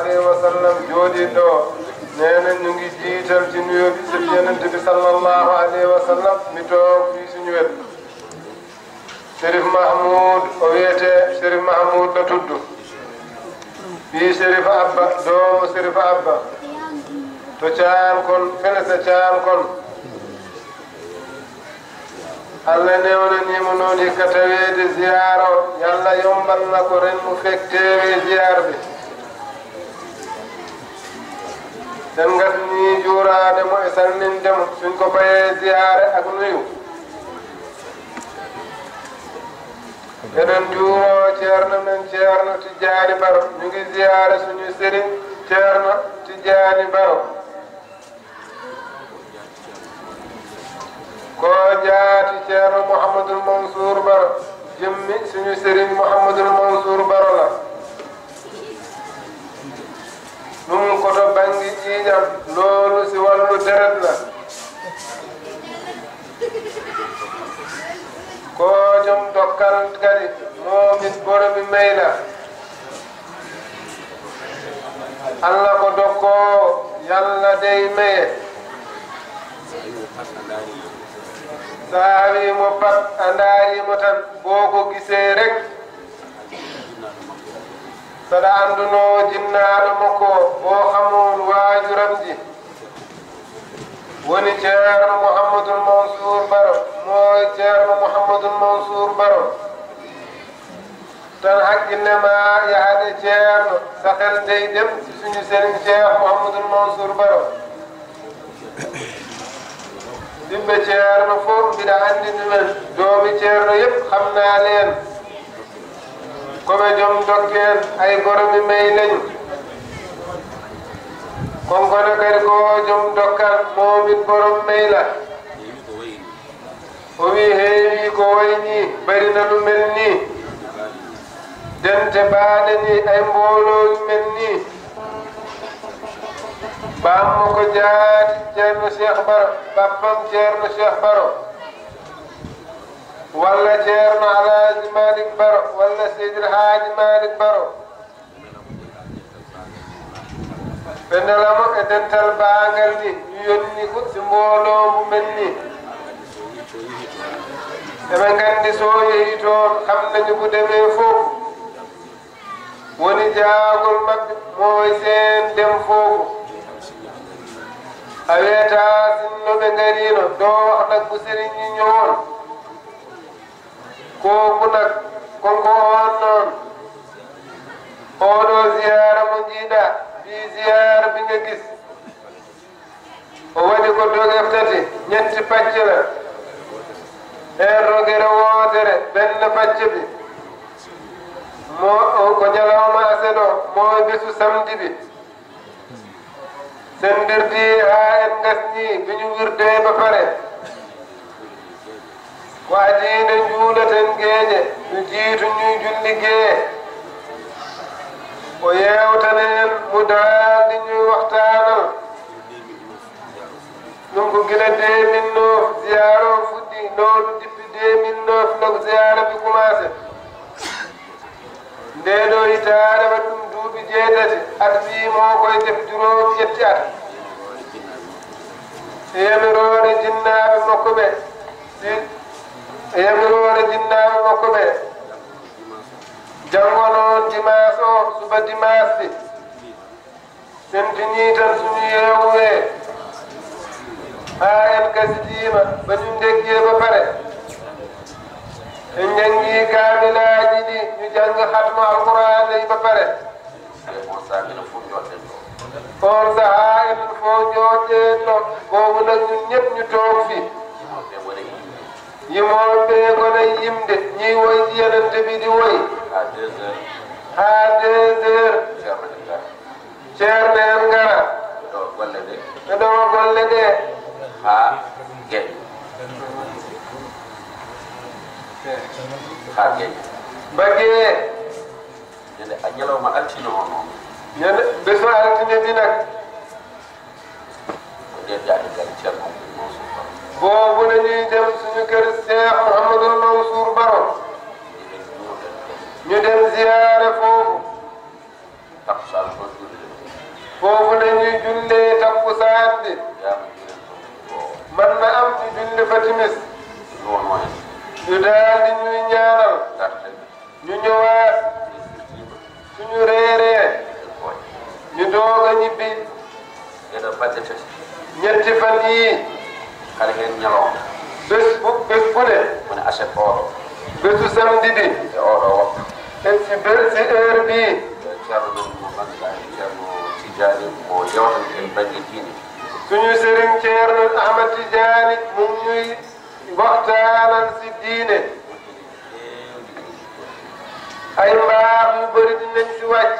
alayhi wa sallam jooɗi ɗo nena ñugi jiital ci nuyoɓi so yenante bi sallallahu alayhi wa sallam mi toow fi siñuwel sherif mahmoud o wiyete sherif mahmoud ɗo tuddu fi sherifa abba doomo sherifa abba to caalkon fene sa caalkon allah newnanima noon hikka taweede ziyaro yallah yombanna ko ren mo fektewe ziyar ɓe seen ngas ñi juuraade mo e salmin dem suñ ko fayee ziyaare ak nuyu enen juuroo ceerno men ceerno Tijaani Baro ñu ziyaare suñu sëriñ ceerno Tijaani Baro ko jaati ceerno Mouhamadul Mansour Baro jëmmi suñu sëriñ Mouhamadul Mansour Baro loolu si wàllu deret la koñum dokkal kadi moomin boromi mayla allah ko dokko yalla dey maye mo pat a ndaarimo tan boo ko saɗa annduno jinnaɗo makko bo hamul waajuram ji woni ceerno mouhamadoul mansour baro mo ceerno mouhamadoul mansour baro tan haqqille ma yahade ceerno sahel ndey dem suñu sëriñ cheikh mouhamadoul mansour baro ɗimɓe ceerno fof mbiɗa anndi ɗumen doomi ceerno yépp xam naa leen goro jom dokkeen ay goro mi may lañu kon kono kadi ko jom dokkal momit borom may la o wi heewi ko wayni barina ɗum men ni dente baaɗe ni ay mboolooji men ni ko jaati ceerno cheikh baro bappam ceerno cheikh baro walla ceerno alaaji malik baro walla seydir haaji malik baro ɓenelamo e dental baangal ni yonni ko si e mboolowo men ni eɓe nganndi so yehi toon kamdañu ko demee fof woni jaagol maɓɓe mooy seen ndem fof a weeta sinno ɓe ngariino doo nagbu seriñiñowon kooku nag konko on noon oɗo ziyara mo jiiɗa fi ziyara bi nga gis o waɗi ko doge tati ñetti pacce la en rogere wootere benn pacce bi moo ko ñalawma aseɗo moo bisu samedi bi sendirdi haa en gasni bi ñu ba pare وعدين جولة جاية نجيت نجول لجاية وياو تنين مدعال نجو وقتانا نمكو كلا دي من نوف زيارو فدي نول دي في دي من نوف نك زيارة بكماسة ندو إتارة بكم دوب جاية أتبي موكو يتف جروب يتشار يمرو رجنا بمكو بي yegrore dinnaɓe makko ɓe janngo noon dimas o suba dimasi sentini tan sumi yewuwe ha en gasidima ɓañum deggue ba pare en janggi kamilaji ɗi mi jangga hatma alqouranay ba pare on saha enen fo jooɗɗen ɗo gowunak ñun ñepp ñu toog fi yimoo bee gonay yimde ñiy woy ci yonente bi di woy à deux heures à deux heures ceerneen ngara ɗo golle ɗe ɗo golle ɗe ha gueƴ ha gueƴ bagee ñande a ñalawma altino o noon ñande beso altine di nag ko ɗen jaade gari ceerno boobu la ñuy dem suñu kër Cheikh Mouhamadul Mansour Baro ñu dem ziyaare foofu foofu la ñuy jullee takkusaan man ma am ci julli fa timis ñu daal di ñuy ñaanal ñu suñu reeree ñu doog ñibbi ñetti fan yii xale ngeen ñalawm bés bu bés bu ne mu ne achète oolo bésu samedi bi te oolo waxtu te si bés si heure bii Thierno man la Thierno Tidiane moo yowtal seen bañ a diini suñu sëriñ Thierno Ahmad Tidiane mu ñuy waxtaanal si diine ay mbaax yu bëri dinañ si wàcc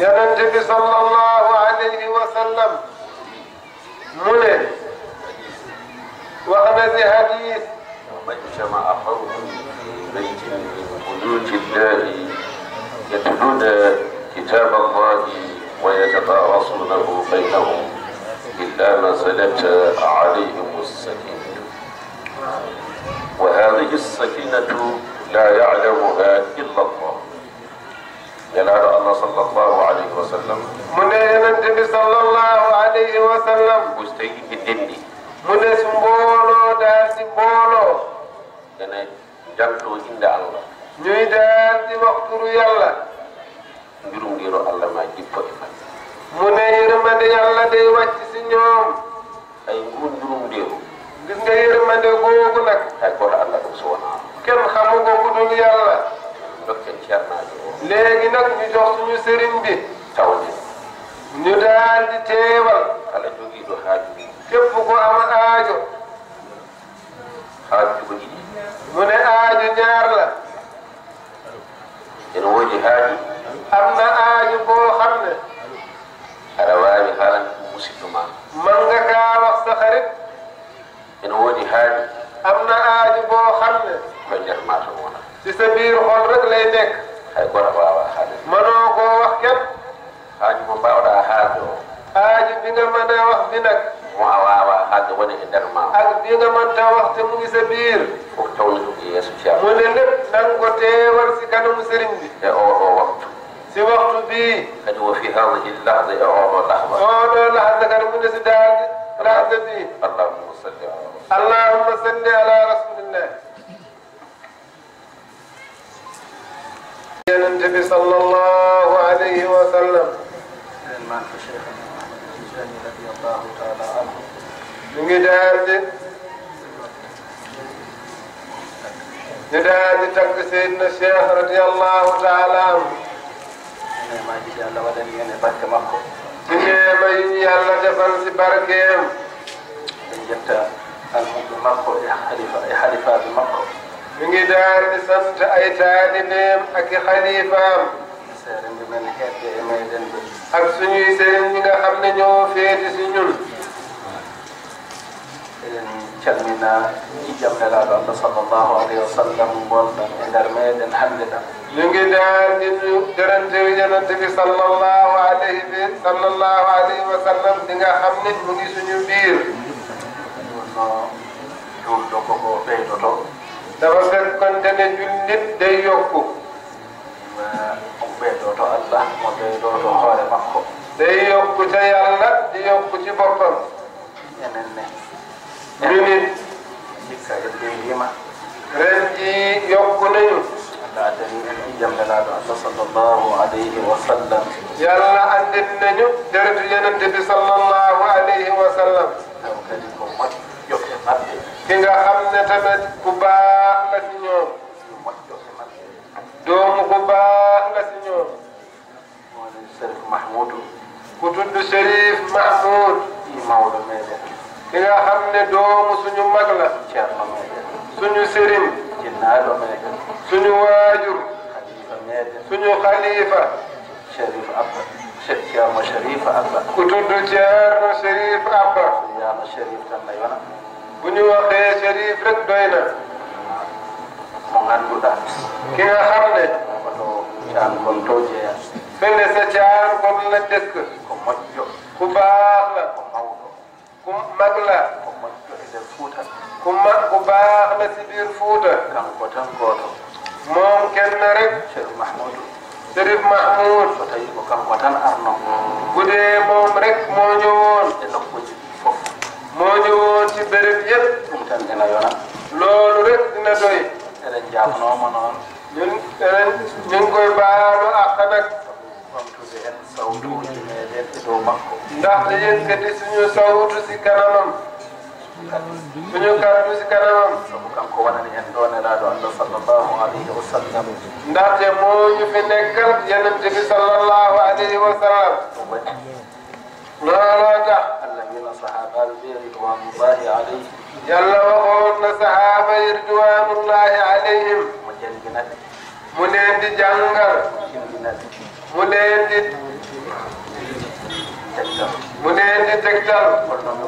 yonente bi sallallahu alayhi wa sallam mu ne wax na si hadis majtama qawmun fi baytin min buyuti llahi yatluna kitab allahi ويتطارصونه بينهم إلا ما زلت عليهم السكينة وهذه السكينة لا يعلمها إلا الله ينال الله صلى الله عليه وسلم mu ne yonent bi sallallahu alayhi wa sallam ustayi bi denndi mu ne su mbooloo daal di mbooloo dana jaltoo inde allah ñuy daal di waxturu yàlla mbirum allah ma jippo e fat mu ne yërmande yàlla day wàcc si ñoom googu nag ay goto allah ɗum suwana kenn xamu ko ku dul yàlla nag ñu jox suñu sëriñ ñu daal di teewal kala jogiiɗo haaju képp ko am aajo haaju ko ɗiɗi mu ne aajo ñaar la ene woodi haaju am na aajo boo xam ne aɗa waawi haalande ɗum musidɗo ma manga kaa wax sa xarit ene woodi haaju am na aajo boo xam ne koye nder ma to wona si sa biir xol rek lay nekk hay goto waawa haalde manoo أردنا من وحدنك وهذا وني إدرما أردنا من توحت مجي سبير وقتون يسوع من لب نقطة ورسكان مسرين أو أو وقت si waxtu bii qad wa fi hadhihi al-lahza i'ama lahza ono lahza kan mun si dal lahza bi allahumma salli ala allahumma salli ala rasulillah النبي صلى الله عليه وسلم muzani radiyallahu taala anhu ñu ngi daal di ñu daal di tagg Seydina Cheikh radiyallahu taala anhu ma ji yàlla waɗan ene barke makko ci neema yi yàlla defal si barkeem en jetta almuɓe makko e halifa e halifaɓe makko ñu ngi daal di sant ay taalibeem ak i xalifaam ak suñuy sëriñ ñi nga xam ne ñoo féete si ñun. calmina i jamnelaaɗo jullit dey yokku ɓeydoto Allah mo ɓeydoto hoore makko day yokku ca Yàlla di yokku ci boppam enen yokku nañu Allah addani en ijam nelaɗo Allah sallallahu alayhi wa sallallahu alayhi wa doomu ku la si ñoom. moo ne Cherif Mahmoud. ku tudd Cherif Mahmoud. kii Maodo may ki nga xam doomu suñu mag la. Thierno may def. suñu sëriñ. Jinnaado may def. suñu waajur. Khalifa may def. suñu Khalifa. Cherif Cherif Abba. ku tudd Cherif Abba. Thierno Cherif Cherif rek an gonto jeeya fende so caar gonla dëkk ko moƴƴo ko baax la ko mawɗo ko mag la ko moƴƴo e nder fuuta ko ma ko baax la si biir fuuta kanko tan gooto moom kenn rek ceerno mahmoudou sérif mahmoud so tawi ko kanko tan arno gude moom rek moo ñëwoon e nokkuji ɗi fof moo ñëwoon ci béréb yépp ɗum tan ena yona loolu rek dina doy eɗen jabnoma noon ñun eh, ñu ngi koy baalu àq nag. ndax di yëkkati suñu sawutu si kanamam. suñu kàddu si kanamam. ndaxte moo ñu fi nekkal yonent bi sallallahu alayhi wa sallam. looloo tax. yàlla waxoon na sahaaba yi ridwanullahi alayhim jën gi nag mu leen di jàngal jën gi nag mu leen di tegtal mu leen di tegtal nan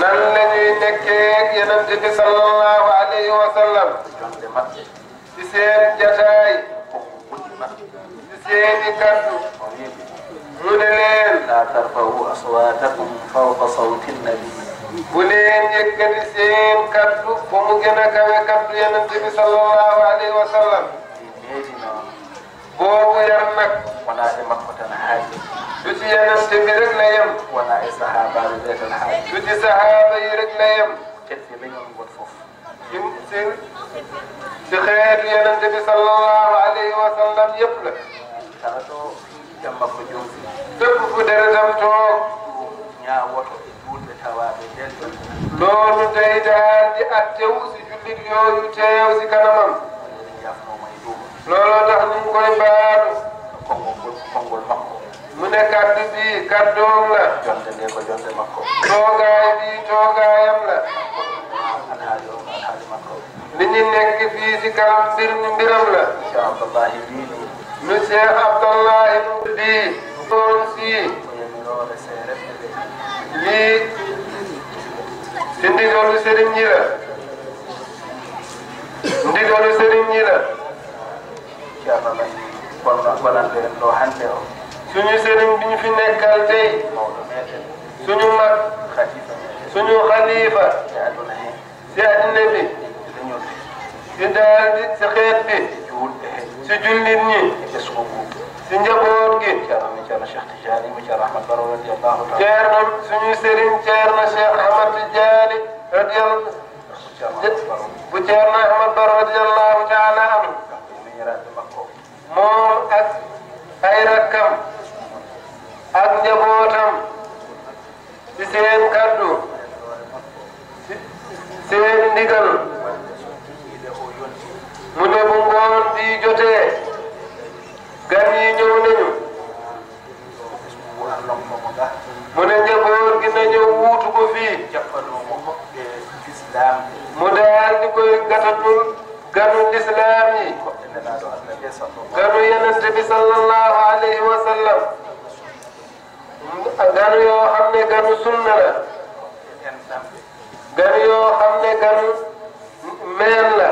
la ñuy nekkee ak yonent bi sallallahu alayhi wa sallam ci seen jataay ci seeni kàddu mu ne leen la tarfa'u aswatakum fawqa sawti nabi bu leen yëkkati seen kaddu fu mu gën a kawe kaddu yonent bi sallallahu alayhi wa sallam boobu yar nag wala di makkutan haaji du ci yonent bi rek la yem wala ay sahaaba yi rek la yem du ci sahaaba yi rek la yem kette bi ñu ngot foofu im si si xeetu yonent bi sallallahu alayhi wa sallam yëpp la tara to jamba ko joosi fépp fu deretam toog ñaawoto loolu day daal di attew si jullit yooyu teew si kanamam looloo tax ñu koy baalu mu ne kaddu bi kaddoom la toogaay bi toogaayam la li ñu nekk fii si kanam mbir mi mbiram la monsieur Abdallahi bii toon si lii ci ndigalu sëriñ ñi la ndigalu sëriñ ñi la suñu sëriñ bi ñu fi nekkal tey suñu mag suñu xalifa si àddina bi si daal si xeet bi si jullit ñi si njaboot gi. Ceerno Ceerno Cheikh Tidiane mu Ceerno Ahmad Baro radiyallahu taala. Ceerno suñuy sëriñ Ceerno Cheikh Ahmad Tidiane radiyallahu. bu Ceerno Ahmad Baro radiyallahu taala anhu. moom ak ay rakkam ak njabootam ci seen kaddu seen ndigal mu debu ngoon di jotee. gan yi ñëw nañu mu ne njaboot gi na ñëw wuutu ko fii mu daal di koy ganu lislaam yi hmm, ganu yonent bi sallallahu alayhi wa sallam ganu yoo xam ne ganu sunna la ganu yoo xam ne ganu meen la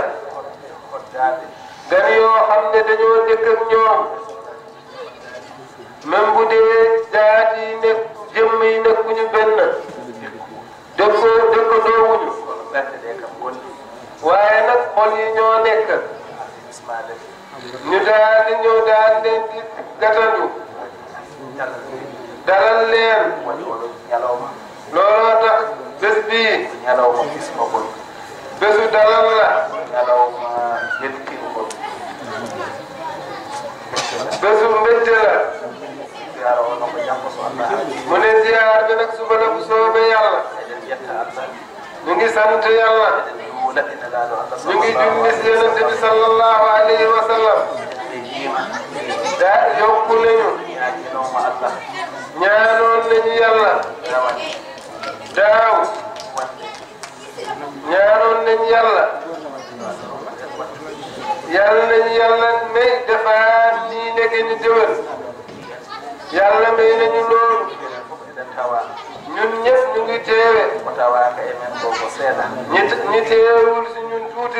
ganu yoo xam ne dañoo dëkk ak ñoom même bu dee jaat yi nekk jëmm yi nekkuñu benn dëkkoo dëkko doowuñu waaye nag yi ñoo nekk ñu daal di ñëw di gàttandu dalal leen looloo tax bii bésu dalal la bésu mbégte la mu ne ziyaar bi nag suba la bu soobee yàlla. ngi sant yàlla. ñu ngi junni si yonente bi sallallahu alayhi wa sallam. daa yokku nañu. ñaanoon nañu yàlla. daaw. ñaanoon nañu yàlla. yàlla nañu yàlla may defaat diine gi ñu déwén. yàlla may nañu loolu ñun ñëpp ñu ngi teewe ñi teewul si ñun tuuti